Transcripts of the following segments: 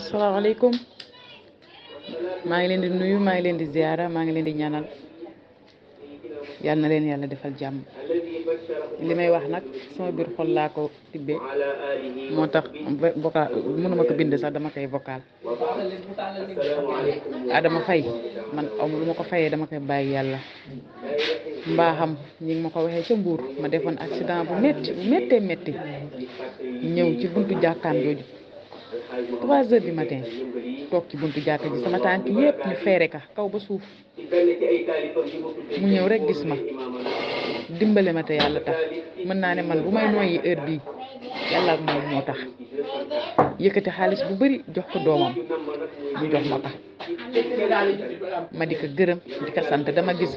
asalaamaaleykum maa ngi leen di nuyu maa ngi leen di ziyaara maa ngi leen di ñanal yal na leen yàlla defal jàmm li may wax nag sama biir xol laa ko tibbee moo tax vocal mënuma ko bind sax dama koy vocal Adama Faye man aw lu ma ko fayee dama koy bàyyi yàlla mbaaxam ñi ma ko waxee ca mbuur ma defoon accident bu metti bu méttee métti ñëw ci buntu jàkkaam jooju trois heures du matin toog ci buntu jàkka ji sama tànk yépp ñu feere ka kaw ba suuf mu ñëw rek gis ma dimbale ma te yàlla tax mën naa ne man bu may nooyi heure bii yàlla ak moo tax yëkkati xaalis bu bari jox ko doomam mu jox ma ka ma di ko gërëm di ko sant dama gis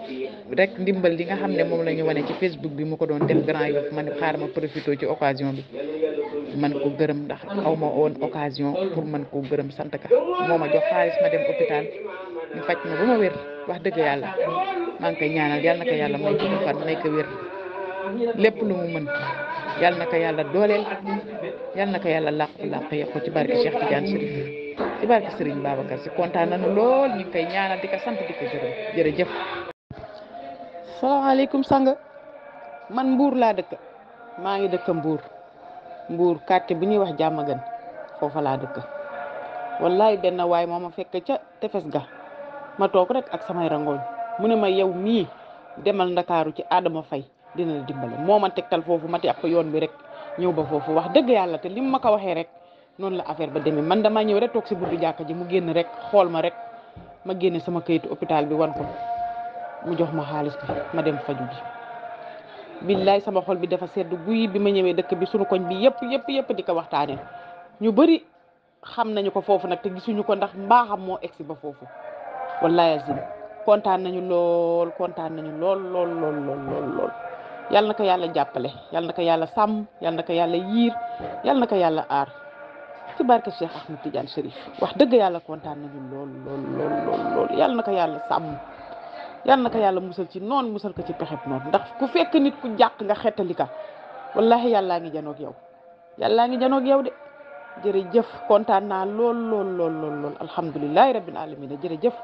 rek ndimbal li nga xam ne moom la ñu wane ci Facebook bi mu ko doon def Grand Yoff ma ne xaar ma profité ci occasion bi man ko gërëm ndax aw ma woon occasion pour man ko gërëm sant ka moo a jox xaalis ma dem hôpital ñu faj ma ba ma wér wax dëgg yàlla maa ngi koy ñaanal yàlla na yàlla may gudd fan may ko wér lépp lu mu mën na ko yàlla dooleel yàlla na ko yàlla làqu làqu yàqu ci barke Cheikh Tidiane Chérif ci barke Serigne Babacar si kontaan nañu lool ñu ngi koy ñaanal di ko sant di ko gërëm jërëjëf. salaamaaleykum sang man Mbour laa dëkk maa ngi dëkk mbuur mbuur quartier bu ñuy wax jàmm gan foofa laa dëkk wallaay benn waay moo ma fekk ca tefes ga ma toog rek ak samay rangooñ mu ne ma yow mii demal ndakaaru ci Adama Fay dina la dimbale moo ma tegtal foofu ma teg ko yoon bi rek ñëw ba foofu wax dëgg yàlla te lim ma ko waxee rek noonu la affaire ba demee man damaa ñëw rek toog si bu jàkka ji mu génn rek xool ma rek ma génne sama kayitu hôpital bi wan ko mu jox ma xaalis bi ma dem faju ji billaay sama xol bi dafa sedd guy bi ma ñëwee dëkk bi suñu koñ bi yëpp yëpp yëpp di ko waxtaane ñu bari xam nañu ko foofu nag te gisuñu ko ndax mbaaxam moo egsi ba foofu wallaay azim kontaan nañu lool kontaan nañu lool lool lool lool yal na ko yàlla jàppale yal na ko yàlla sàmm yal na ko yàlla yiir yal na ko yàlla aar ci barke Cheikh Ahmed Tidiane Chérif wax dëgg yàlla kontaan lool lool yal na yàlla sàmm yal na ko yàlla musal ci noon musal ko ci pexeb noonu ndax ku fekk nit ku jàq nga xettali ka wallahi yàllaa ngi janoog yow yàllaa ngi janoog yow de jërëjëf kontaan naa lool lool lool lool lool alhamdulilahi rabbil alamin jërëjëf